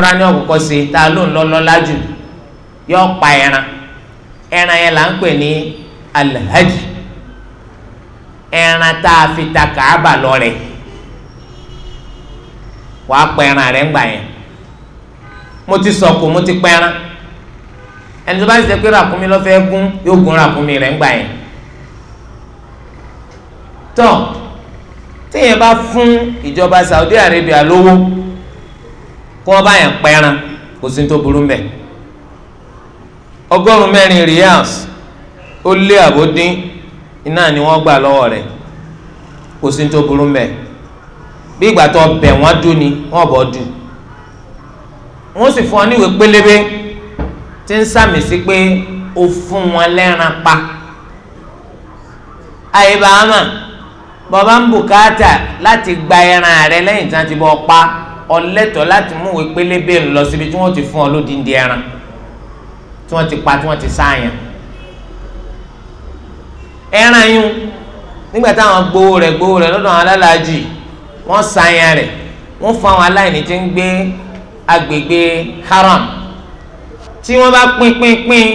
fúnra ní ọ̀kọ̀kọ̀ si, tá a ló ń lọ jù yọ pa ẹran ẹran yẹn là ń pè ní alhaji ẹran tá a fi ta kàába rẹ wàá ẹran rẹ ńgbà mo ti sọ̀kò mo ti ẹran ẹni tó bá ṣe pé ràkúnmí lọ fẹ́ gún yóò gún ràkúnmí rẹ̀ ńgbà yẹn Tọ, fún ìjọba Saudi Arabia lówó. kó wọn yẹn pẹran kò sí tó burú mbẹ ọgọ́rùn ó lé àbódín iná ni wọ́n gbà lọwọ rẹ̀ kò sí tó burú mbẹ bí ìgbà tó bẹ̀ dún ni wọ́n bọ̀ dùn wọ́n sì fún ọ níwèé pélébé tí ń sàmì sí pé gba ẹran rẹ lẹ́yìn ọlẹ́tọ̀ láti mú ìwé pélébé lọ síbi tí wọ́n ti fún ọ lódìndín ẹran tí wọ́n ti pa tí wọ́n ti sáàyàn ẹran yún nígbà táwọn gbowó rẹ̀ gbowó rẹ̀ lọ́dọ̀ àwọn alálàájì wọ́n sáàyàn rẹ̀ wọ́n fún àwọn aláìní tí ń gbé agbègbè haram tí wọ́n bá pín pín pín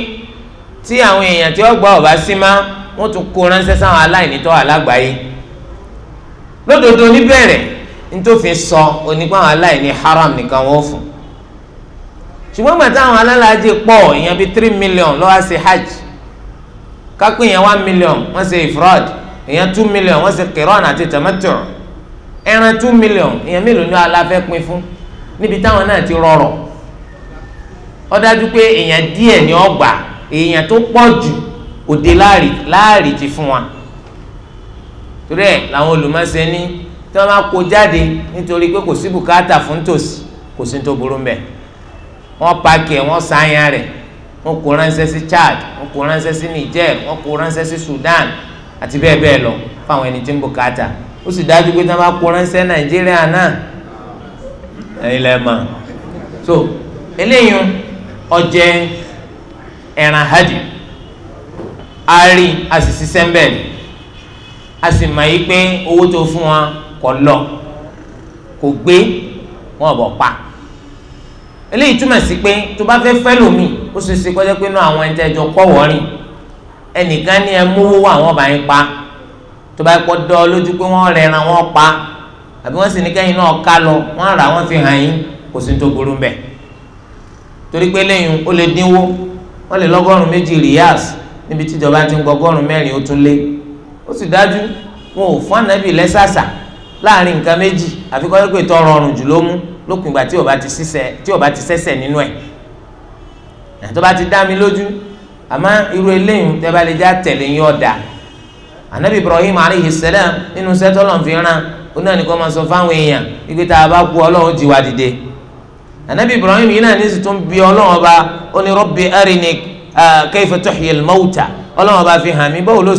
tí àwọn èèyàn tí wọ́n gbọ́ ọ̀bá sí má wọ́n tún kó ránṣẹ́ sáwọn aláìní tó wà lágbàáyé lódodo níbẹ̀rẹ̀ nítòfin sọ onípa àwọn aláìní haram nìkan wọ́n fún ṣùgbọ́n gbàtà àwọn alálàájì pọ̀ ìyẹn bíi three million lọ́wọ́ sí hajj kápẹ́ ìyẹn one million wọ́n ṣe ifrad ìyẹn two million wọ́n ṣe qiran àti tamattu ẹran two million ìyẹn mélòó ni aláfẹ́ pín fún níbi táwọn náà ti rọrọ̀ ó dájú pé èèyàn díẹ̀ ni ó gbà èèyàn tó pọ̀ jù òde láàrì láàrì ti fún wa tí wọ́n máa kó jáde nítorí pé kò sí bukata fún tòsí kò sí mbẹ wọ́n paaki wọn wọ́n sáyà rẹ̀ wọ́n kó ránṣẹ́ sí Chad wọ́n kó ránṣẹ́ sí Niger wọ́n kó ránṣẹ́ sí Sudan àti bẹ́ẹ̀ bẹ́ẹ̀ lọ fáwọn ẹni tí ń ó sì dájú pé tí so eléyìí ẹran hajj a rí a sì ń a sì mọ̀ yí kọlọ kò gbé wọn bọ pa eléyìí túmọ̀ sí pé tó bá fẹ́ fẹ́ lómi ó ṣe ṣe kọjá pé inú àwọn ẹni tẹ́jọ kọ́ wọ́ọ́rìn ẹnìkan ní ẹ mówó wá àwọn ọba yẹn pa tó bá kọ́ dọ́ lójú pé wọ́n rẹran wọ́n pa àbí wọ́n sì ní kẹ́yìn náà ká lọ wọ́n rà wọ́n fi hàn yín kò sí tó burú mbẹ̀ torí pé lẹ́yìn ó lè dínwó wọ́n lè lọ́gọ́rùn-ún méjì rìyàs níbi tíjọba ti ń gbọ́gọ́rùn-ún mẹ́rin ó tún lé ó sì dájú wọn ò fún ànábì lẹ́sàsà láàrin nǹkan méjì àfi kọ́ pé tọ́ rọrùn jù ló mú ti ìgbà tí o bá ti ṣiṣẹ́ ti nínú ẹ̀ tó bá ti dá mi lójú àmọ́ irú eléyìí tẹ́ bá lè já tẹ̀lé yín ọ̀dà anabi ibrahim aleyhi salam nínú sẹ́tọ́ lọ́n fi ràn ó náà sọ fáwọn èèyàn wípé tá a bá kú ọlọ́run jí wa dìde anabi ibrahim yìí náà ní sì tún bí ọlọ́run ọba ó ní ọlọ́run ọba fi hàn mí báwo ló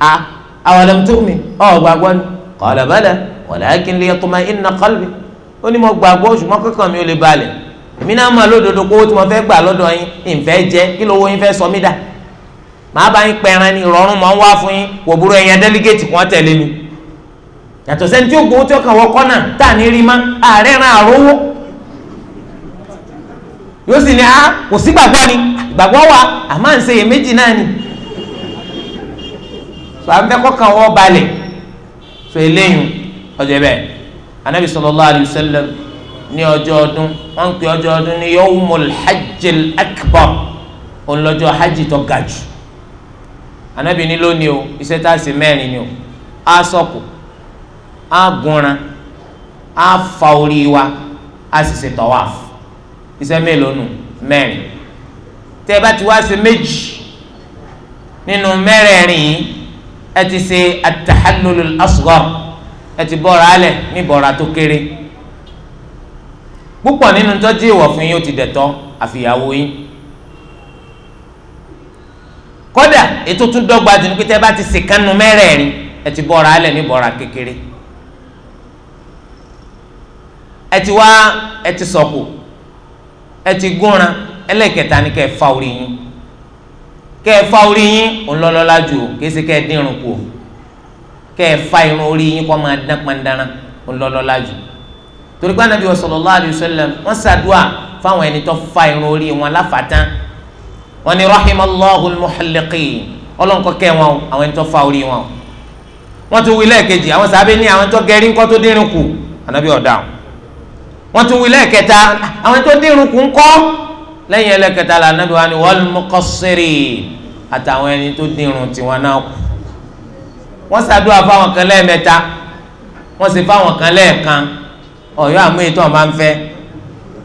a awalam tu'min ọ̀ gbàgbọ́ ni qala bala walakin liyatma'inna qalbi ó ní mo gbàgbọ́ ṣùgbọ́n kankan mi ò lè balẹ̀ mi náà máa lódodo kó tí mo fẹ́ gbà lọ́dọ̀ yín ìfẹ́ jẹ kí lówó yín fẹ́ sọ mí dà màá bá yín pẹran ni ìrọ̀rùn mọ̀ ń wá fún yín kò burú ẹ̀yà délégéètì kan tẹ̀lé mi yàtọ̀ sẹ́ni tí ó gbowó tí ó kàn wọ kọ́nà tá à ní rí má ààrẹ ran àrówó yóò sì ní a ah, kò sí gbàgbọ́ ni gbàgbọ́ wa àmọ́ ń ṣe iyèméjì náà ni so à ń fẹ́ kọ́kàn wọ́n balẹ̀ so eléyìí ọjọ́ bẹ́ẹ̀ anabi sallallahu alayhi wa sallam ní ọjọ́ ọdún wọ́n ń pè ọjọ́ ọdún ní yawmul hajjil akbar òun lọ́jọ́ hajj tó ga jù anabi ní lónìí o iṣẹ́ tá a ṣe mẹ́rin ni o á sọ̀kù á gúnran á fa wa á sì ṣe tawaf mélòó nù mẹ́rin tẹ́ bá ti wá ṣe méjì nínú mẹ́rẹ̀ẹ̀rin yìí ẹ ti ṣe atahallulul asghar ẹ ti bọ́ra alẹ̀ ní bọ́ra tó kéré púpọ̀ nínú tọ́jú ìwọ̀ fún yín ó ti dẹ̀tọ́ àfìyàwó yín kódà ètò tún dọ́gba jù ní bá ti ṣèkánu mẹ́rẹ̀ẹ̀rin ẹ ti bọ́ra alẹ̀ ní bọ́ra kékeré ẹ ti wá ẹ ti sọ̀kù ẹ ti gúnra ẹlẹ́kẹta ni kẹ́ fa orí yín kẹ́ ẹ fa orí yín ńlọ́lọ́lá jù o kìí ṣe kẹ́ ẹ dínrùn kù o kẹ́ ẹ fa irun orí yín kọ́ máa dán pandara ńlọ́lọ́lá jù torí pé anabi sallallahu alayhi wa sallam wọ́n ṣàdúà fáwọn ẹni tó fa irun orí wọn láfàtán wọ́n ní rahimallahu al-muhalliqin ọlọ́nkọ́ kẹ́ wọn o àwọn ẹni tó fa orí wọn o tún wí lẹ́ẹ̀kejì àwọn sábẹ́ ní àwọn tó gẹrí ńkọ́ tó dínrùn kù anabi ọ̀dà wọ́n tún wí lẹ́ẹ̀kẹta àwọn tó dínrùn kù ńkọ́ lẹ́yìn ẹlẹ́kẹta la nàbí wa ni wal muqassirin àtàwọn ẹni tó dirun tiwọn náà kù wọ́n ṣàdúrà fáwọn kan lẹ́ẹ̀mẹ́ta wọ́n sì fáwọn kan lẹ́ẹ̀kan ọ̀yọ́ àmú ètò ọ̀ma ń fẹ́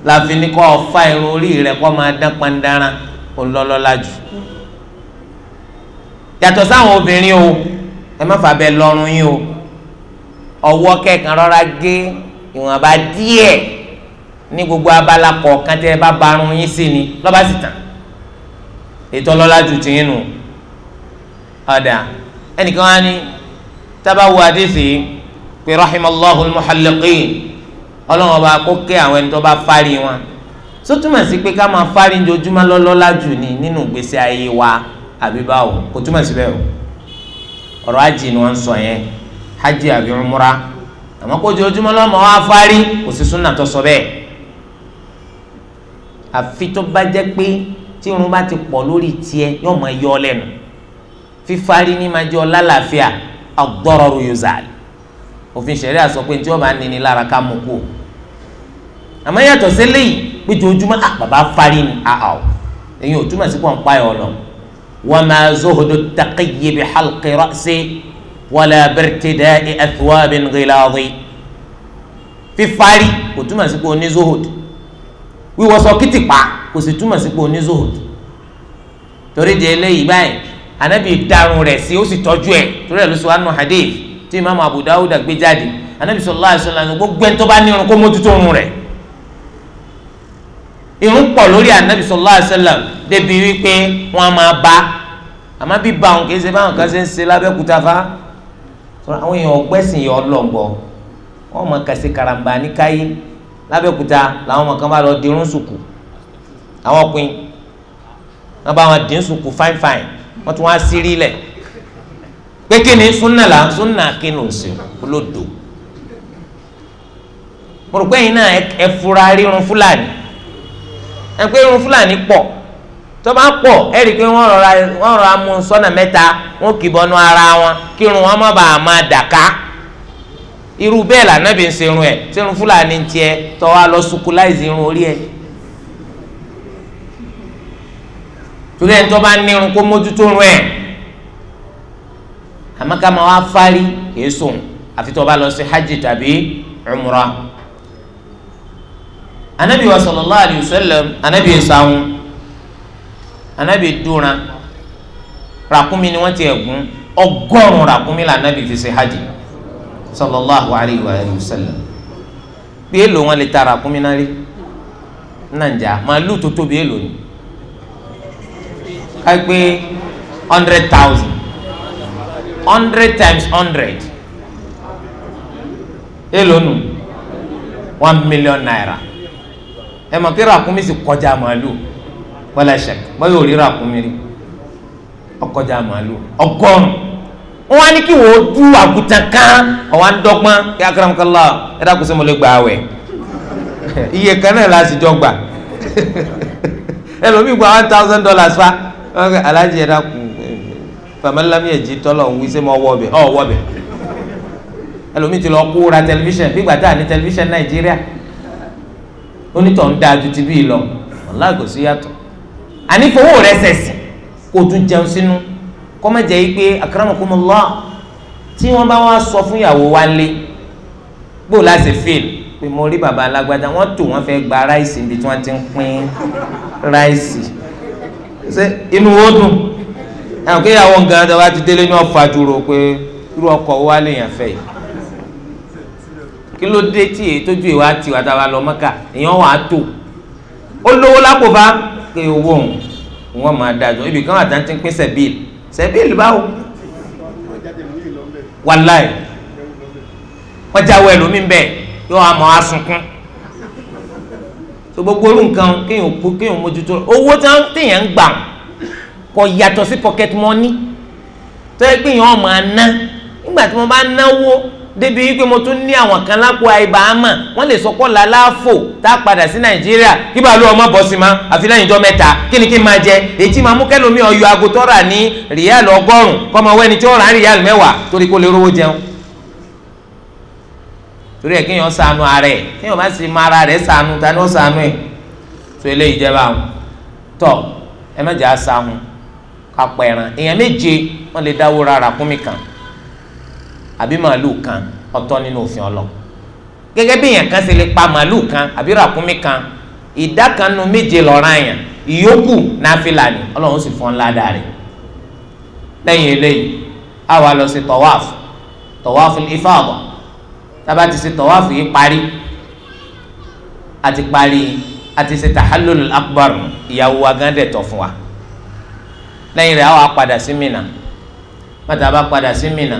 láfi ní kọ́ ọ̀fà irun orí rẹ̀ kọ́ máa dán pandaran ọlọ́lọ́lá jù yàtọ̀ sáwọn obìnrin o ẹ má fàbẹ lọ́rùn yín o ọwọ́ kẹ̀kan rọra gé ìwọ̀nba díẹ̀ ní gbogbo abala kọ̀ọ̀kan tẹ́ ẹ bá barun yín sí ni lọ́ba sì tàn ètò ọlọ́lá ju ti yín nù ọ̀dà ẹnìkan á ní tábàwò àdìsí pé rahimallahu al-muhalliqin ọlọ́run ọba kó kẹ́ àwọn ẹni tó bá fárí wọn só túmọ̀ sí pé ká máa fárí ojoojúmọ́ lọ́lọ́lá jù ní nínú ìgbésí ayé wa àbí kò túmọ̀ síbẹ̀ o ọ̀rọ̀ hajj ni wọ́n sọ yẹn hajj àbí umra àmọ́ kó ojoojúmọ́ lọ́mọ wa fárí kò sí súnà tó sọ bẹ́ẹ̀ àfi tó bá jẹ́ pé tí irun bá ti pọ̀ lórí tiẹ̀ yóò máa yọ ọ lẹ́nu fífarí ní máa jẹ́ ọ lálàáfíà ad-dararu yuzal òfin ṣẹ̀ríà sọ pé tí wọ́n bá ní ni lára ká mú kú àmọ́ yàtọ̀ sí léyìí pé jojúmọ́ à ah, bàbá farí ni àhà ah, ah. èyí ò túmọ̀ sí pọ̀ ń pa ẹ̀ ọ̀lọ́ wa ma zuhdu at-taqiyyi bi halqi ra'si wala birtida'i athwabin ghiladi fífarí kò túmọ̀ sí pé oní zohodo wíwọṣọ kìtìpá kò sì túmọ̀ sí pé onízòòdù torí di eléyìí báyìí anabi darun rẹ̀ sí ó sì tọ́jú ẹ̀ torí ẹ̀ ló sọ anu hadith tí imaamu abu dawuda gbé jáde anabi sallallahu alaihi wasallam gbogbo ẹni tó bá ní irun kó mójútó irun rẹ̀ irun pọ̀ lórí anabi sallallahu alaihi wasallam débi wípé wọ́n máa bá àmọ́ bí ba òun kì í ṣe báwọn kan ṣe ń ṣe lábẹ́kúta fa àwọn èèyàn ọgbẹ́sìn yọ ọlọ́ngbọ wọ́n máa kàṣe karambani káyé lábẹ́òkúta làwọn ọmọ kan bá lọ dirun sùkù àwọn ọkùnrin wọn bá wọn dín sùkù fine fine wọn tún wá sírí lẹ̀ pé kí ni súnà là súnà kí ni òsè olódò mo rò pé yín náà ẹ fura rírun fúlàní ẹ pé irun fúlàní pọ̀ tó bá pọ̀ ẹ rí i pé wọ́n rọra mú sọ́nà mẹ́ta wọ́n kì í bọ́nú ara wọn kírun wọn má bàa máa dàka. irú bẹ́ẹ̀ lànàbì ń ṣe irun ẹ̀ tí irun fúlàní tiẹ̀ tọ́ wa lọ sukuláìsì irun orí ẹ̀ torí ẹni tó bá ní irun kó mójútó irun ẹ̀ àmọ́ ká máa wá fárí kìí sùn àfi tó bá lọ sí hajj tàbí umrah anabi wa sallallahu alayhi wa sallam anabi sàwọn anabi dúnra rakumi ni wọ́n ti ẹ̀ gún rakumi la ràkúnmí anabi fi ṣe hajj. sallallahu alayhi wa sallam bí èlò wọn lè tara kúmínárì nàìjà màálù tó tóbi èlò ni ká gbé hundred thousand hundred times hundred èlò nù one million naira ẹ mọ̀ kí ràkúnmí sì kọjá màálù wala shak báyọ̀ rí ràkúnmí rí ọkọjá màálù ọgọ́rùn-ún wọ́n á ní kí wọ́n dú àgùntàn kan ọ̀wá ń dọ́gbọ́n kí akaramakala ẹ dákun sí mo lè gbà àwẹ̀ iye kan náà la sì ẹlòmíì gba one thousand dollars fa alájí ẹ dákun famalami ẹjì tọ́lọ̀ ń wí sí mọ́ wọ́ọ̀bẹ̀ ọ̀ wọ́ọ̀bẹ̀ ẹlòmíì ti lọ kó ra tẹlifíṣàn bígbà tá à ní tẹlifíṣàn nàìjíríà onítọ̀ ń dáa ju ti bí lọ ọ̀làgòsí yàtọ̀ ànífowó rẹ̀ sẹ̀sìn kó o tún jẹun sínú kó má jẹ́ pé akramakumullah tí wọ́n bá wá sọ fún ìyàwó wa lé gbó láti fíìl pé mo rí bàbá alágbádá wọ́n tò wọ́n fẹ́ gba ráìsì níbi tí wọ́n ti ń pín ráìsì ṣe inú wo dùn àwọn kéèyàwó nǹkan tó bá ti délé ní ọ̀fà dúró pé irú ọkọ̀ wa lèèyàn fẹ́ yìí kí ló dé tí èyí tójú ìwà tiwa tá a bá lọ mọ́kà èèyàn wà á tò ó lówó lápò bá pé owó òun wọ́n máa dájọ́ ibì kan àtàntí ń pín sẹ́bíìlì sẹ́bíìlì báwo wàláì wọ́n jáwọ́ ẹlòmíín bẹ́ẹ̀ yóò àmọ́ asunkún so gbogbo orú nǹkan kéèyàn kú kéèyàn mójútó owó téèyàn ń gbà kò yàtọ̀ sí pocket money tó yẹ kéèyàn ọmọ àná nígbà tí wọ́n bá náwó débi wípé mo tún ní àwọn kan lápò àìbáàmà wọ́n lè sọpọ làlàáfò tá a padà sí nàìjíríà kí bàálù ọmọ bọ sí ma àfi lẹ́yìn ìjọ mẹ́ta kí ni kí n máa jẹ èyí máa mú kẹlòmí ọyọ agotọra ní ríàlì ọgọ́rùn kọmọ wẹni tí ó rà ríàlì mẹ́wàá torí kó lè rówó jẹun torí ẹ kéèyàn ṣàánú ara ẹ kéèyàn má sì máa ara rẹ ṣàánú tani ó ṣàánú ẹ tó eléyìí jẹ báwọn tọ ẹ má jẹ àṣà wọn kápẹ èèyàn méje wọ́n lè dáwó ra ràkúnmí kan àbí màálù kan ọ̀tọ̀ nínú òfin ọlọ gẹ́gẹ́ bí èèyàn kan ṣe lè pa màálù kan àbí ràkúnmí kan ìdá kan nu méje lọ́ra yàn ìyókù náfìlà ni ọlọ́run sì fọ́n ńlá dáa rẹ̀ lẹ́yìn eléyìí a wà lọ sí tọ́wáfù tọ́wáfù ifáàbọ̀ tábà ti ṣe tọ́wáfù yìí parí àti parí àti ṣe tahallul akbar ìyàwó wa fún wa lẹ́yìn rẹ̀ a wà padà sí Mínà bàtà bá padà sí Mínà.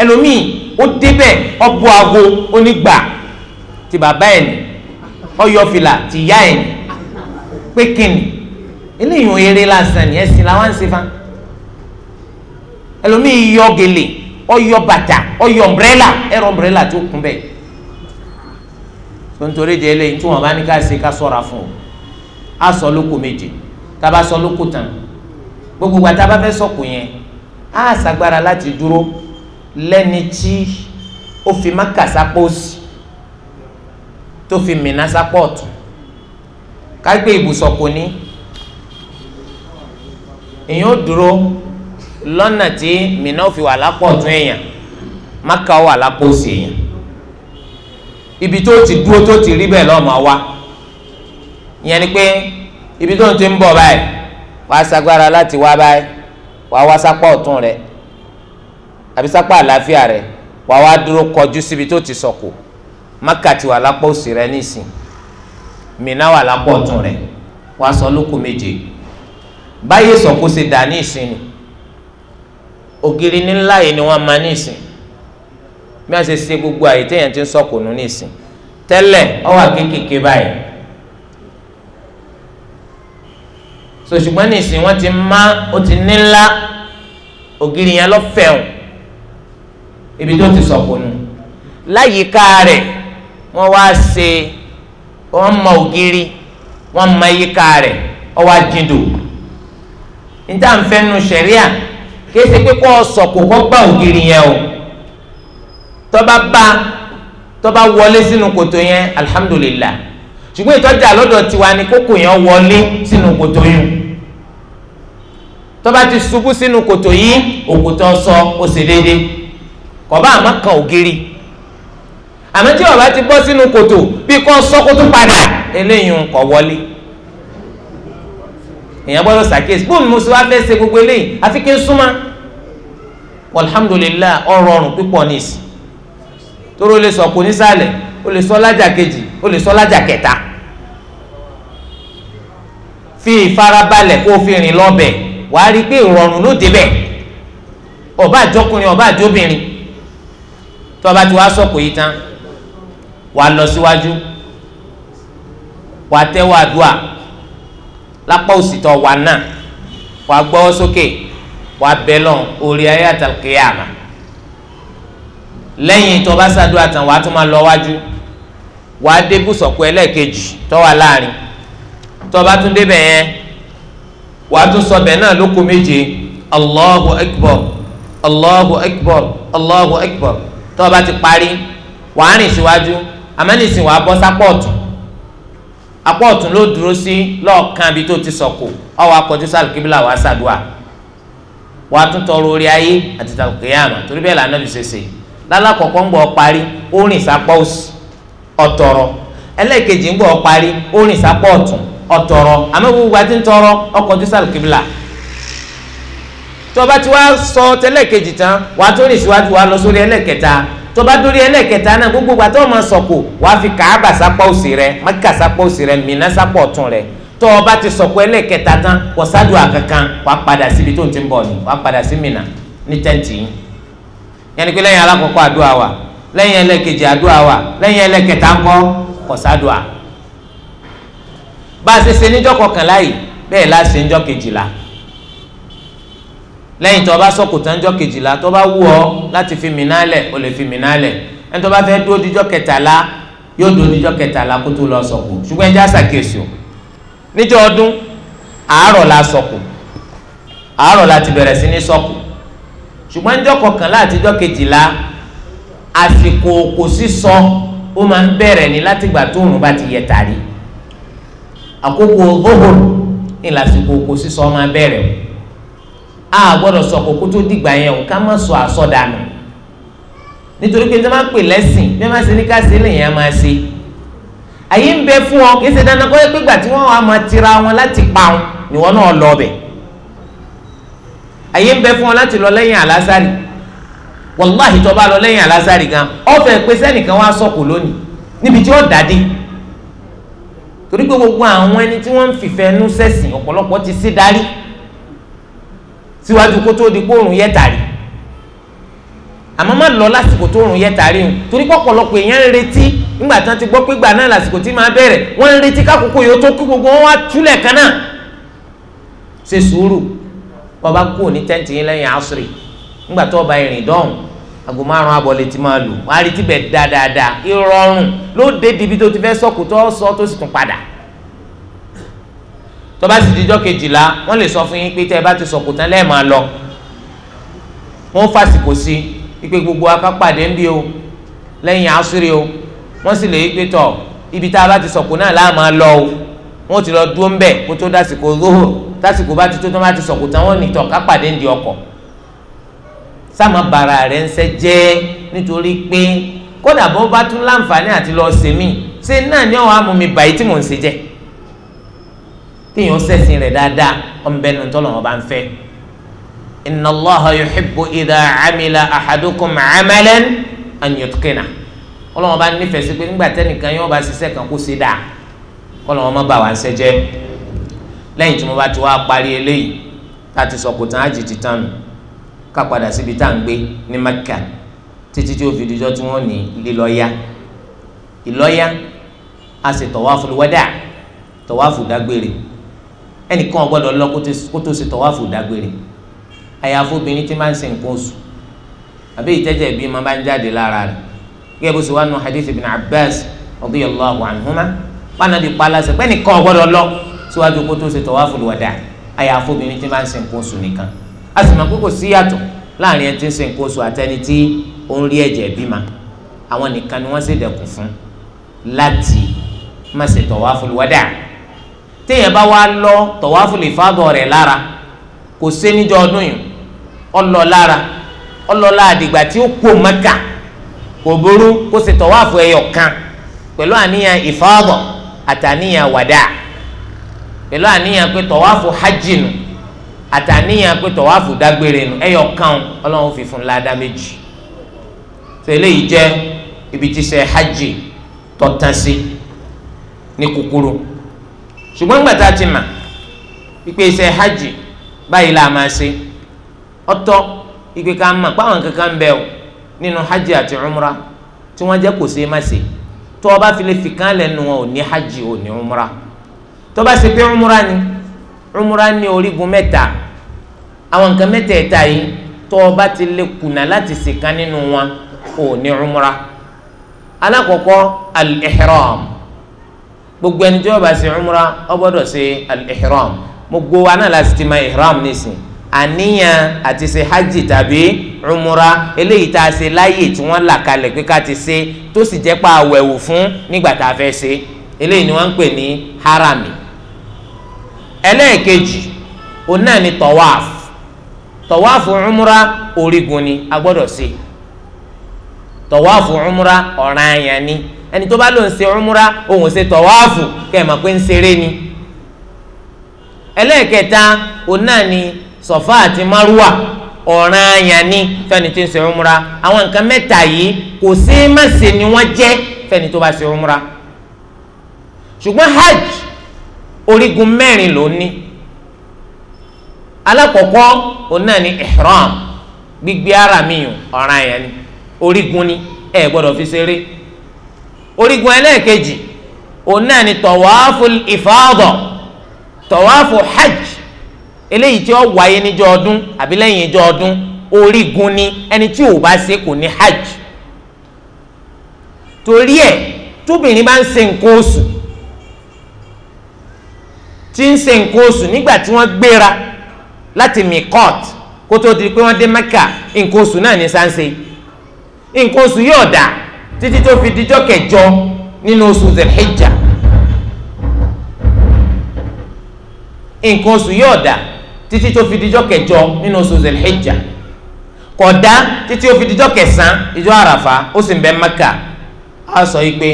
ẹlòmíì ó débẹ̀ ọbọ̀ àgbo onígbà ti bàbá ẹ̀ ní ọyọ̀fìlà ti yá ẹ̀ ní pé kíni eléyìí ò eré lásán ni ẹ̀sìn làwọn ń ṣe fa ẹlòmíì yọ gèlè ọyọ bàtà ọyọ ọmbrẹ́là ẹ̀rọ ọmbrẹ́là tó kún bẹ́ẹ̀ tontori de eléyìí tí wọn bá ní ká ṣe ká ṣọ́ra fún o á sọ lóko méje tá sọ lóko tán gbogbo gbàtà bá yẹn á ṣàgbára láti dúró lẹ́ni tí ó fi maka sápò sí tó fi mìíràn sápò ọ̀tún kágbé ibùsọ̀ kò ní èyàn ó dúró lọ́nà tí mìíràn ó fi wà lápò ọ̀tún èèyàn maka ó wà lápò òsì ibi tó ti dúró tó ti rí bẹ́ẹ̀ lọ́mọ wa ìyẹn ni pé ibi tó ti ń bọ̀ báyìí wàá sagbára láti wá báyìí wàá wá sápò rẹ̀ àbí sápá àlàáfíà rẹ wà wá dúró kọjú síbi tó ti sọkò Mákà ti wà lápò òsì rẹ nísìn Mínà wà lápò ọ̀tún rẹ wà sọ lókun méje báyé sọkò ṣe dà ní ìsìn ògiri nílá yìí ni wọ́n máa ní ìsìn bí wọ́n ṣe ṣe gbogbo àyè téèyàn ti ń sọkò nù ní ìsìn tẹ́lẹ̀ ó báyìí so ṣùgbọ́n wọ́n ti má ó ti nílá ògiri yẹn lọ́fẹ̀ẹ́ ibi tó ti sọ̀kò nù láyìíká rẹ̀ wọ́n wá ṣe wọ́n mọ ògiri wọ́n mọ yíká rẹ̀ wọ́n wá jìndò níta ń fẹ́ nu sẹ̀ríà kìí ṣe pé kó sọ̀kò kó gbá ògiri yẹn o tọ́ba bá tọ́ba wọlé sínú kòtò yẹn alihamudulilayi ṣùgbọ́n ìtọ́jà lọ́dọ̀ tiwa ni kókò yẹn wọlé sínú kòtò yẹn tọ́ba ti ṣubú sínú kòtò yìí òkùtọ́ sọ ó sì déédéé kọba àmọ́ kan ògiri àmọ́ tí ọba ti bọ́ sínú kòtò bí kò sọkòtò padà eléyìí kò wọlé èèyàn gbọ́dọ̀ ṣàkíyèsí bóun mo sọ wá fẹ́ ṣe gbogbo eléyìí àfi kí n súnmọ́ alhamdulilayi ọrọ ọrùn pípọ̀ níìsì tóró lè sọ kò nísàlẹ̀ ó lè sọ lájà kejì ó lè sọ lájà kẹta fi ìfarabalẹ̀ kó fi rìn lọ́bẹ̀ wàá rí i pé ìrọ̀rùn ló débẹ̀ ọba àjọkùnrin ọba àjọbìnrin tó o bá ti wá sọ̀kò yìí tán wà lọ síwájú wà tẹ́wọ́ àdúà lápá òsì tó wà náà wà gbọ́wọ́ sókè wà bẹ́lọ̀ orí ayé àtàkìyà àmà lẹ́yìn tó o tán wà tún máa lọ wájú wà á dé ẹlẹ́ẹ̀kejì tó láàrin tó tún débẹ̀ yẹn wà tún sọ náà lóko méje Allahu akbar Allahu akbar Allahu akbar tó o bá ti parí wàá rìn síwájú àmọ́ nísìnyí wàá bọ́ sápọ̀ ọ̀tún apọ̀ ọ̀tún ló dúró sí lọ́ọ̀kan ibi tó ti sọ̀kò ó wá kọjú sálùkíbílà wàá ṣàdúà wàá tún tọrọ orí ayé àti tàlùkìyàmà torí bẹ́ẹ̀ lànà bìsèse lálàkọ̀kọ́ ń gbọ́ parí ó rìn sápọ̀ ọ̀tọ̀rọ̀ ẹlẹ́ẹ̀kejì ń gbọ́ parí ó rìn sápọ̀ ọ̀tún ọ̀tọ̀rọ̀ àmọ́ gbogbo àti ń tọrọ ó kọjú tó bá ti wá sọ tẹlẹ́kejì tán wàá tó rìn síwájú wàá lọ sórí ẹlẹ́kẹta tó bá dórí ẹlẹ́kẹta náà gbogbo ìgbà tó o máa sọ̀kò wàá fi kàábà sápọ̀ òsì rẹ mẹ́kà sápọ̀ òsì rẹ mìíràn sápọ̀ ọ̀tún rẹ tó ti sọ̀kò ẹlẹ́kẹta tán kò sádùn àkankan wàá padà síbi tó ń ti ń ni wàá padà sí mìíràn ní tẹ́ǹtì yìí yẹnni pé lẹ́yìn alákọ̀ọ́kọ́ àdúrà wa lẹ́yìn ẹlẹ́kejì àdúrà wa lẹ́yìn ẹlẹ́kẹta ńkọ́ kò sádùn à bá a ṣe ṣe níjọ́ kọkànlá yìí bẹ́ẹ̀ la ṣe níjọ́ kejìlá lẹ́yìn tó o bá sọ̀kòtà ńjọ́ kejìlá tó o bá wù ọ́ láti fi mìíràn lẹ̀ o lè fi mìíràn lẹ̀ ẹni tó bá fẹ́ dúró díjọ́ kẹtàlá yóò dúró díjọ́ kẹtàlá kó tó lọ sọ̀kò ṣùgbọ́n ẹja ṣàkíyèsí o níjọ́ ọdún àárọ̀ la sọ̀kò àárọ̀ la ti bẹ̀rẹ̀ sí ní sọ̀kò ṣùgbọ́n ẹjọ́ kọkànlá àtijọ́ kejìlá àsìkò kò sí sọ ó máa ń bẹ̀rẹ̀ ní látìgbà tóòrùn bá ti yẹ tàrí àkókò dóhùn ní a gbọdọ sọ̀kò kó tó dìgbà yẹn o ká má sọ àsọdànù nítorí pé ní máa ń pè lẹ́sìn bí wọ́n máa ṣe ní ká ṣe á máa ṣe àyè ń bẹ fún ọ kì ṣe dandan kọ́ ẹ pé gbà tí wọ́n tira wọn láti pa wọn ni wọ́n náà lọ fún ọ láti lọ lẹ́yìn wàláhì lọ lẹ́yìn gan pé sẹ́nìkan wá sọ̀kò lónìí níbi tí gbogbo àwọn ẹni tí wọ́n síwájú kó tó di kóòrùn yẹ tàrí àmọ́ má lọ lásìkò tó rùn ya tàrí o torí pọ̀pọ̀lọpọ̀ èèyàn ń retí nígbà tí wọ́n ti gbọ́ pé gbà náà lásìkò tí máa bẹ̀rẹ̀ wọ́n ń retí kákòókò yóò tó kí gbogbo wọn wá túlẹ̀ kan náà ṣe sùúrù kú asiri nígbà tó bá ìrìn dọ́hùn aago márùn abọ́ lè ti máa lò wọ́n á retí bẹ̀ dáadáa tó bá sì dijọ́ kejìlá wọ́n lè sọ fún yín pé tẹ́ ẹ bá ti sọ̀kò tán lẹ́ẹ̀ máa lọ wọ́n fàsìkò sí ipe gbogbo akápàdé ń bí o lẹ́yìn àṣírí o wọ́n sì lè pé tọ̀ ibi tá a bá ti sọ̀kò náà láà máa lọ o wọ́n ti lọ dúró ń bẹ̀ kó tó dásìkò róhò dásìkò bá ti tó tán bá ti sọ̀kò tán wọ́n ní tọ̀ kápàdé ń di ọkọ̀ sáàmà bàrà rẹ̀ ń sẹ́ jẹ́ nítorí pé kódà bó bá tún láǹfààní àti lọ sèmí ṣe náà ni ọ̀hún amúmi bàyí tí mò ń ṣe jẹ́ kéèyàn ṣẹ̀sìn rẹ̀ dáadáa ọ̀nbẹ́nu tọ́lọ̀ wọn bá ń fẹ́. inna Allaha yuhibbu idha amila ahadukum amalan an yutqina ọlọ́wọ́n bá nífẹ̀ẹ́ sí pé nígbà tẹ́nìkan yóò bá ṣiṣẹ́ kan kó ṣe dáa kọ́lọ́wọ́n má bà wá ń ṣẹ́jẹ́ lẹ́yìn tí mo bá ti wá parí eléyìí láti sọ̀kòtàn ájì ti tánu ká padà síbi tá à ń gbé ní Mẹ́kà títí tí ó fi dijọ́ tí wọ́n ní lílọ́yà dágbére ẹnìkan ọgbọ́dọ̀ lọ kó tó ṣe tọwáfù dágbére àyàfó obìnrin tí máa ń ṣe nǹkan oṣù àbí ìtẹ́jẹ́ ìbí máa bá ń jáde lára rẹ̀ gẹ́gẹ́ bó ṣe wá nu hadith ibn abbas radiyallahu anhuma pànàbí palasẹ̀ pé ẹnìkan ọgbọ́dọ̀ lọ síwájú kó tó ṣe tọwáfù wàdà àyàfó obìnrin tí máa ń ṣe nǹkan oṣù nìkan a sì mọ̀ pé kò sí yàtọ̀ láàrin ẹni tí ń ṣe nǹkan oṣù àtẹni téèyàn bá wá lọ tọ̀wáfù lè fábọ̀ rẹ̀ lára kò sé níjọ ọdún yìí ọlọ lára ọlọlá àdìgbà tí ó kó Mẹ́kà kò burú kó ṣe tọ̀wáfù ẹyọ kan pẹ̀lú àníyàn ìfábọ̀ àtàníyàn wàdà pẹ̀lú àníyàn pé tọ̀wáfù àtàníyàn pé tọ̀wáfù dágbére nu ẹyọ kan ọlọ́run ibi tí hajj ṣùgbọ́n gbàtà ti mà ìpè iṣẹ́ hajj báyìí la máa ṣe ọ̀tọ̀ ìpè ká mà pàwọn kankan ń bẹ o nínú hajj àti umra tí wọ́n jẹ́ kò ṣe é má ṣe tó o bá fi lè fi kán lẹ́nu wọn ò ní hajj ò ní umra tó o bá ṣe pé umra ni umra ní orígun mẹ́ta àwọn nǹkan mẹ́tẹ̀ẹ̀ta yìí tó o bá ti lè kùnà láti ṣèkan nínú wọn ò ní umra alákọ̀ọ́kọ́ al-ihram gbogbo ẹni tí wọ́n bá ṣe umra ó gbọ́dọ̀ ṣe al-ihram gbogbo wa náà láti ti ma ihram nísìn àníyàn àti ṣe hajj tàbí umra eléyìí tá a ṣe láyè tí wọ́n là kalẹ̀ pé ká ti ṣe tó sì jẹ́ pa àwẹ̀wò fún nígbà tá a fẹ́ ṣe eléyìí ni wọ́n ń pè ní harami ẹlẹ́ẹ̀kejì òun náà ni tọ́wáf tọ́wáf umra orígun ni a gbọ́dọ̀ ṣe tọ́wáf umra ọ̀ranyàn ni ẹni tó bá lò ń ṣe umra òun ṣe tọ̀wáàfù kẹ́ẹ̀mọ̀ pé ń ṣeré ni ẹlẹ́ẹ̀kẹta òun náà ni sọ̀fà àti márùwà ọ̀ranyàn ni fẹ́ni tó ń ṣe umra àwọn nǹkan mẹ́ta yìí kò sí mẹ́sì ni wọ́n jẹ́ fẹ́ni tó bá se umra ṣùgbọ́n hajj orígun mẹ́rin ló ní alákọ̀ọ́kọ́ òun náà ni ihram gbígbé ara mi ọ̀ranyàn ni orígun ni ẹ gbọ́dọ̀ fi ṣeré orígun ẹlẹ́ẹ̀kejì òun náà ni tọ̀wáfù ìfáàdọ̀ tọ̀wáfù hajj eléyìí tí ó wáyé níjọ́ ọdún àbí lẹ́yìn ìjọ́ ọdún orígun ni ẹni tí ò bá ṣe kò ní hajj torí ẹ̀ tóbìnrin bá ń ṣe nǹkan oṣù tí ń ṣe nǹkan oṣù nígbà tí wọ́n gbéra láti mikot kó tó di pé wọ́n dé mẹ́kà nǹkan oṣù náà ní sáńsẹ́ nǹkan oṣù yóò dáa títí tó fi dijọ́ kẹjọ nínú oṣù zẹ̀hẹ́jà nǹkan oṣù yóò dà títí tó fi dijọ́ kẹjọ nínú oṣù zẹ̀hẹ́jà kódà títí ó fi dijọ́ kẹsàn-án ìjọ àràfà ó sì ń bẹ mẹ́kà á sọ yìí pé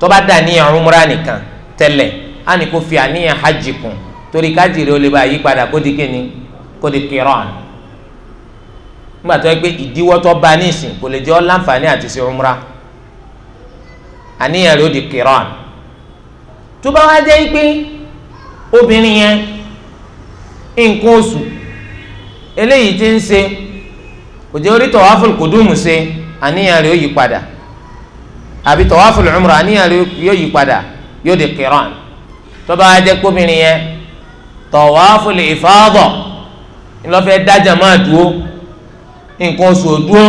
tó bá dà níyàn umra nìkan tẹ́lẹ̀ á ní kó fi àníyàn hajj kún torí kájìrì ó lè bá yí padà kó di kíni kó di kírán nígbà tó yẹ pé ìdíwọ́ tó bá ní ìsìn kò lè jẹ́ ọ́ láǹfààní àti ṣe umra àníyàn rẹ̀ ó di kiran tó bá wá jẹ́ pé obìnrin yẹn nǹkan oṣù eléyìí ti ń ṣe kò jẹ́ orí tawaful kudum ṣe àníyàn rẹ̀ ó yí padà àbí tawaful umra àníyàn rẹ̀ yóò yí padà yóò di kiran tó bá wá jẹ́ pé obìnrin yẹn tawaful ifada ńlọ́fẹ́ dájà máa dúró nǹkan oṣù òdúró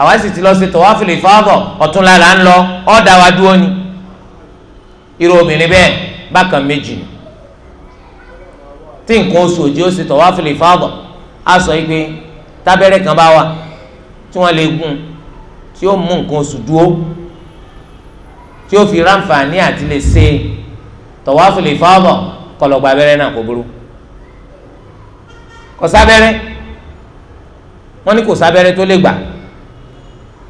àwa sì ti lọ sí tawaful ifada ọ̀tún lára ń lọ ọ̀dà wa dúró ni irú obìnrin bẹ́ẹ̀ bákan méjì ni tí nǹkan oṣù òjì ó sì tawaful ifada á sọ yìí pé tábẹ́rẹ́ kan bá wà tí wọ́n lè gún tí ó mú nǹkan oṣù dúró tí ó fi ráǹfààní àti lè ṣe tawaful ifada kọlọ̀gbà abẹ́rẹ́ náà kò burú kọ̀sábẹ́rẹ́ wọ́n ní kò sábẹ́rẹ́ tó lè gbà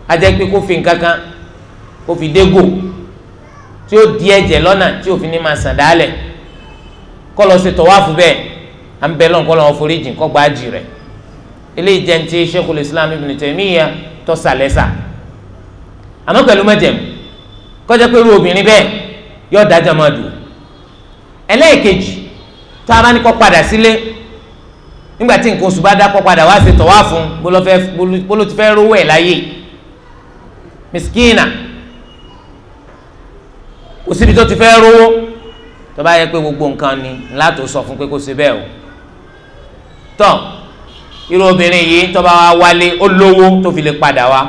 á jẹ́ pé kó fi nǹkan kan kó fi dégò tí ó di ẹ̀jẹ̀ lọ́nà tí òfin ní máa sàn dálẹ̀ kọ́ lọ sí tọ́wáfù bẹ́ẹ̀ à ń bẹ lọ́n kọ́ lọ́n forí kọ́ gba àjì rẹ̀ eléyìí jẹ́ ti Islam Ibn Taymiyyah tó sàlẹ́sà àmọ́ pẹ̀lú mẹ́jẹ̀mú kọjá pé irú obìnrin bẹ́ẹ̀ yóò dájà máa dùn ẹlẹ́ẹ̀kejì tá a bá ní kọ́ padà sílé nígbà tí nǹkan oṣù bá dákọ́ padà wá ṣe tọ̀wá fún bóló ti fẹ́ rówó ẹ̀ láyé miskina kò síbi tó ti fẹ́ rówó tó bá yẹ pé gbogbo nǹkan ni láti sọ fún pé kó ṣe bẹ́ẹ̀ o tọ́ irú obìnrin yìí tó bá wá wálé ó lówó tó fi lè padà wá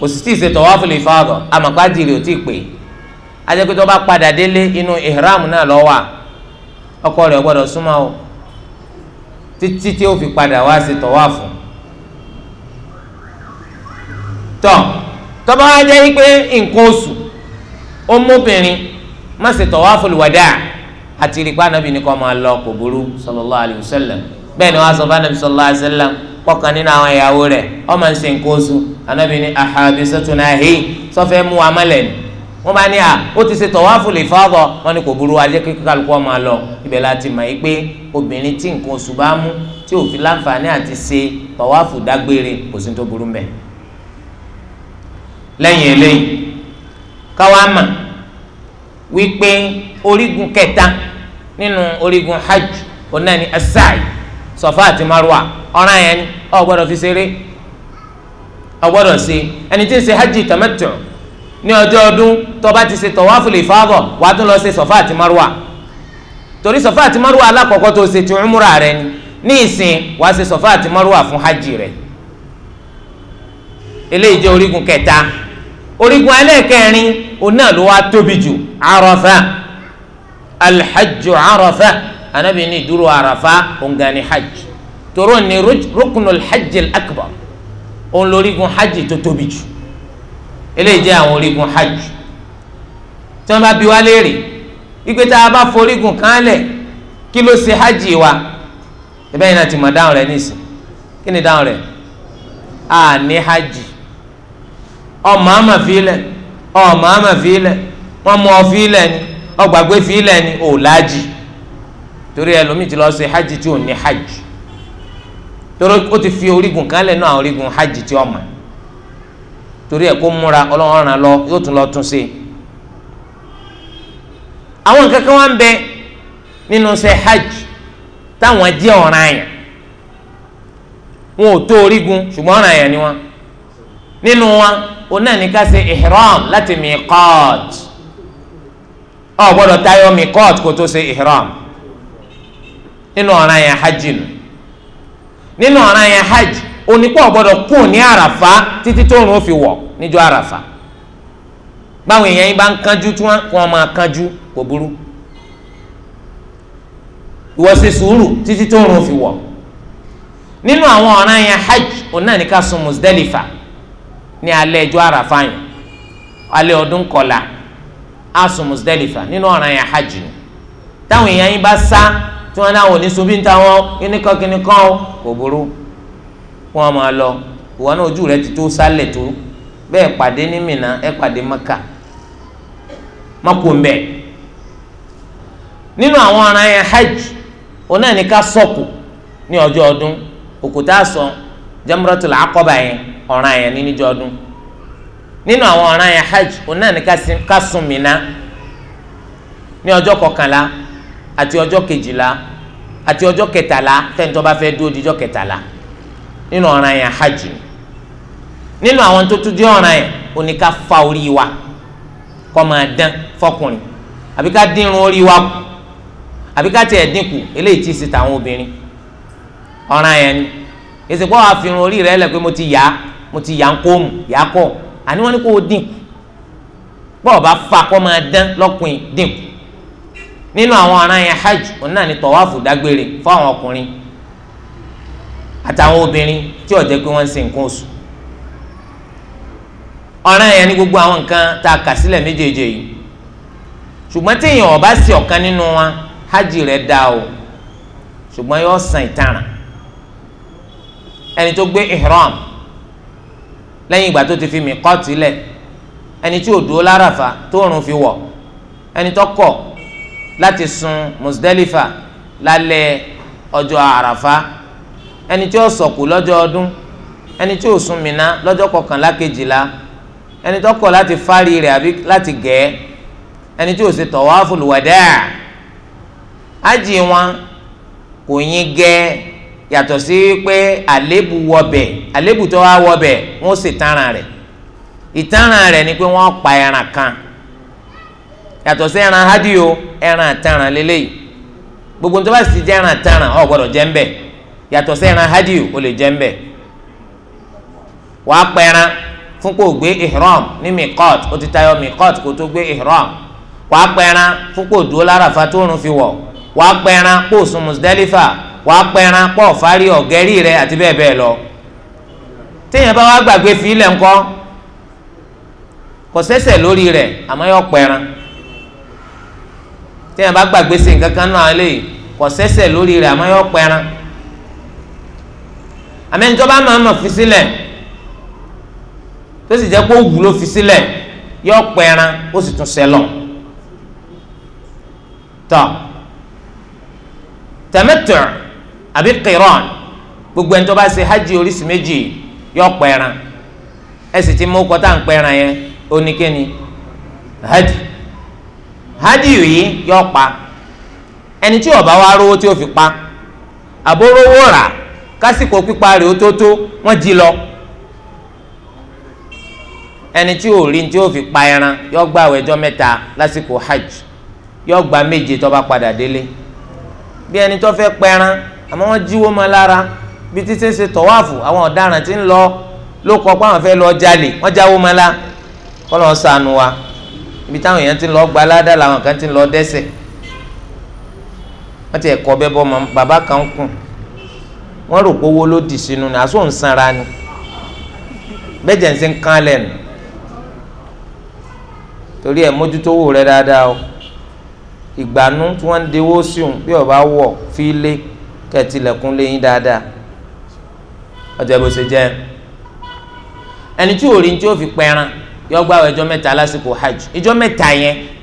kò sì tíì ṣe tọ̀wáfù lè fa ọ̀dọ̀ àmọ̀pájìrì ò tí ì pè ajẹ́ pé tó bá padà délé inú ìhram náà ló ọkọ rẹ̀ gbọ́dọ̀ súnmọ́ o títí tí ó fi padà wá sí tọ̀wáàfù tọ́ tọ́ba wa jẹ́ pé nǹkan oṣù ó mọ́bìnrin má ṣe tọ̀wáàfù lùwàdà àti ìrìpá nàbì ní kọ́ máa lọ kò burú sallallahu alayhi wa sallam bẹ́ẹ̀ ni wọ́n á sọ fún anabi sallallahu alayhi wa sallam kọkàn nínú àwọn ìyàwó rẹ ọmọ ń ṣe nǹkan oṣù anabi ni ahabi sọtúnà hí sọfẹ mú amálẹ ni wọn bá ní à ó ti ṣe tọwáfù lè fọwọ́ bẹ̀ láti mọ̀ yìí pé obìnrin tí nǹkan oṣù bá mú tí ó fi láǹfààní àti ṣe tọ̀wáfù dágbére kò sí tó burú mbẹ̀. lẹ́yìn eléyìí káwá mà wípé orígun kẹta nínú orígun hajj ọ̀nà ni asai sọfà àti marwa ọ̀ràn yẹn ni ọ̀ gbọ́dọ̀ fi ṣeré ọ̀ gbọ́dọ̀ ṣe ẹni tí ń ṣe hajj tamattu ní ọjọ́ ọdún tó ti ṣe tọ̀wáfù lè fáwọ̀ wàá tún lọ ṣe sọfà àti marwa torí sọfà àti márùwà alákọ̀ọ́kọ́ tó ṣe ti umura rẹ ni ní ìsìn wàá ṣe sọfà àti márùwà fún hajj rẹ eléyìí jẹ́ orígun kẹta orígun ẹlẹ́ẹ̀kẹrin òun náà ló wá tóbi jù arafa alhajj arafa anabi ní ìdúró arafa òǹgani hajj tóró ni rukunul hajj akbar òun lórígun hajj tó tóbi jù eléyìí jẹ́ àwọn orígun hajj tí wọ́n bá bi wá léèrè. ìpè tá a bá kan lẹ̀ kí ló ṣe hajj wa ìbẹ́ yìí náà ti mọ̀ dáhùn rẹ̀ nísìn kí ni dáhùn rẹ̀ a ní hajj ọmọ àmà fílẹ̀ ọmọ àmà fílẹ̀ wọ́n ọ fílẹ̀ ni ọgbàgbé fílẹ̀ ni ò lájì torí ẹlòmíì ti lọ ṣe hajj tí ò ní hajj torí ó ti fi orígun kan lẹ̀ náà orígun hajj tí ọmọ torí kó múra ọlọ́run ràn lọ yóò tún lọ tún àwọn kankan wá ń bẹ nínú ṣe hajj táwọn jẹ́ ọ̀ranyàn wọn ò tó orígun ṣùgbọ́n ọ̀ranyàn ni wọn nínú wa òun náà ní ká ṣe ihram láti miqat ọ gbọ́dọ̀ tayọ miqat kó tó ṣe ihram nínú ọ̀ranyàn hajj nù nínú ọ̀ranyàn hajj onípọ̀ gbọ́dọ̀ kù ní àràfá títí tó rùn ó fi wọ̀ níjọ́ àràfá. báwọn èèyàn yín bá ń kánjú tí wọ́n máa kánjú kò burú ìwọ ṣe sùúrù títí tó fi wọ̀ nínú àwọn ọ̀ràn yẹn hajj òun náà ní ká sun ní alẹ́ ẹjọ́ alẹ́ ọdún kọlá á hajj ni táwọn èèyàn yín bá sá tí wọ́n náà wò ní sunbí ń wọn kíníkan kíníkan kò burú wọ́n máa lọ ìwọ náà Maka. ma kú mbẹ nínú àwọn ọ̀ràn yẹn hajj ọ̀nà ní ká sọ̀kù ní ọjọ́ ọdún òkúta sọ jamratul aqaba yẹn ọ̀ràn yẹn níníjọ́ ọdún nínú àwọn ọ̀ràn yẹn hajj ọ̀nà ní ká sùn Mínà ní ọjọ́ kọkànlá àti ọjọ́ kejìlá àti ọjọ́ kẹtàlá tẹ́ntọ́ bá fẹ́ dúró díjọ́ kẹtàlá nínú ọ̀ràn yẹn hajj nínú àwọn tó tún jẹ́ ọ̀ràn yẹn ó ní ká fa orí wa kọ́ máa dán fọkùnrin àbí ká dínrun orí wa kù àbí ká tiẹ̀ dínkù eléyìí ti ṣe tàwọn obìnrin ọ̀ràn yẹn ni èsì pọ́ àfihàn orí rẹ lẹ pé mo ti yá mo ti yá ń kó mu yá kọ́ àní wọ́n ní kó o dínkù bọ́ọ̀ bá fa kọ́ máa dán lọ́kùnrin dínkù nínú àwọn ọ̀ràn yẹn hajj òun náà ni tọ̀wáfù dágbére fún àwọn ọkùnrin àtàwọn obìnrin tí ó jẹ́ pé wọ́n ń ṣe nǹkan oṣù ọ̀ràn yẹn ni gbogbo àwọn nǹkan tá a kà sílẹ̀ méjèèjì yìí ṣùgbọ́n téèyàn ò bá sí ọ̀kan nínú wa hajj rẹ̀ dá o ṣùgbọ́n yóò san ìtaràn ẹni tó gbé ihram lẹ́yìn ìgbà tó ti fi mìkọ́ọ̀tì lẹ̀ ẹni tí ò dúró láràfà tó rùn fi wọ̀ ẹni tó kọ̀ láti sun Muzdalifa lálẹ́ ọjọ́ àràfà ẹni tí ó sọ̀kù lọ́jọ́ ọdún ẹni tí ó sun Mina lọ́jọ́ kọkànlá kejìlá ẹni tó kọ̀ láti fárí rẹ̀ àbí láti gẹ̀ ẹni tí wadaa ájì wọn kò yín gẹ́ yàtọ̀ sí pé àlébù wọbẹ̀ àlébù tó wá wọbẹ̀ wọ́n sì tanra rẹ̀ ìtanra ni pé wọ́n pa ẹran kan yàtọ̀ sí ẹran hádìó ẹran àtàràn gbogbo nítorí bá sì jẹ́ ẹran àtàràn ọ̀ gbọ́dọ̀ jẹ́ ń bẹ̀ yàtọ̀ sí ẹran hádìó fún kò gbé ihram ní miqat ó ti tayọ miqat kó tó gbé ihram wàá pẹran fún kò dúró lárafa tó fi wọ̀ wàá pẹran kó sùn Muzdalifa wàá pẹran pọ̀ fárí ọ̀gẹ́rì rẹ àti bẹ́ẹ̀ bẹ́ẹ̀ lọ téèyàn bá wá gbàgbé fílẹ̀ ńkọ́ kò sẹ́sẹ̀ lórí rẹ̀ àmọ́ yọ pẹran téèyàn bá gbàgbé sí nǹkan kan náà lè kò sẹ́sẹ̀ lórí rẹ̀ àmọ́ yọ pẹran àmẹ́ńtọ́ bá máa mọ̀ fi sílẹ̀. Si tó sì jẹ́ pé òwú ló fi sílẹ̀ yọ pẹran ó sì tún sẹlọ̀ tọ́ tẹ̀mẹ́tọ̀ àbí kìrọ̀n gbogbo ẹni tó bá ṣe hajj oríṣi méjì yọ pẹran ẹ sì ti mú kọ́tà ń pẹran yẹn oníkéni hajj hajj yìí yọ pa ẹni tí ó bá wá rówó tí ó fi pa àbórówó rà kásìkò pípa rẹ̀ ó tó tó wọ́n jí lọ. ẹni tí ò rí ní tí ó fi pa ẹran yọ gba àwọn ẹjọ́ mẹta lásìkò hajj yọ gba méje tó bá padà délé bí ẹni tó fẹ́ pẹran àmọ́ wọ́n jíwó lára bí títí ṣe tọ̀wáàfù àwọn ọ̀daràn ti ń lọ ló kọ pé lọ jalè jáwó la kọ́ sànù ibi táwọn èèyàn ti lọ gba làwọn kan ti dẹ́sẹ̀ ẹ̀kọ́ bàbá kan ń kùn rò pé torí ẹ̀ mójútó owó rẹ dáadáa o ìgbànú tí wọ́n ń dewó síun bí ọba wọ̀ fi lé kẹtìlẹ̀kùn lẹ́yìn dáadáa ọjọ́ bó ṣe jẹ́ ẹni tí ò rí ní tí ó fi pẹran yọ gbàwé ọjọ́ mẹ́ta lásìkò hajj ìjọ́ mẹ́ta yẹn